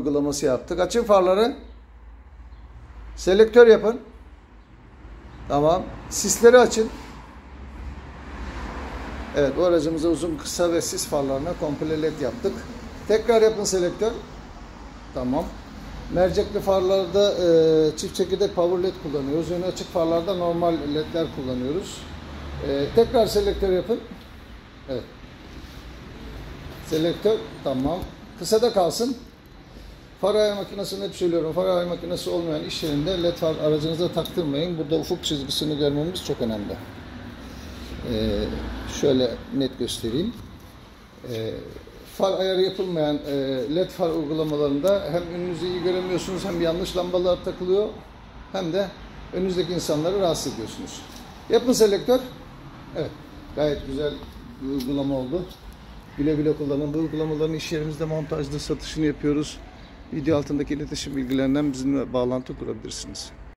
uygulaması yaptık. Açın farları. Selektör yapın. Tamam. Sisleri açın. Evet bu aracımıza uzun kısa ve sis farlarına komple led yaptık. Tekrar yapın selektör. Tamam. Mercekli farlarda e, çift çekirdek power led kullanıyoruz. Yani açık farlarda normal ledler kullanıyoruz. E, tekrar selektör yapın. Evet. Selektör tamam. Kısa da kalsın. Fararay makinesini hep söylüyorum. Fararay makinesi olmayan iş yerinde led far aracınıza taktırmayın. Burada ufuk çizgisini görmemiz çok önemli. Ee, şöyle net göstereyim. Ee, far ayarı yapılmayan e, led far uygulamalarında hem önünüzü iyi göremiyorsunuz hem yanlış lambalar takılıyor hem de önünüzdeki insanları rahatsız ediyorsunuz. Yapın selektör. Evet. Gayet güzel bir uygulama oldu. Güle güle kullanın. Bu uygulamaların iş yerimizde montajlı satışını yapıyoruz. Video altındaki iletişim bilgilerinden bizimle bağlantı kurabilirsiniz.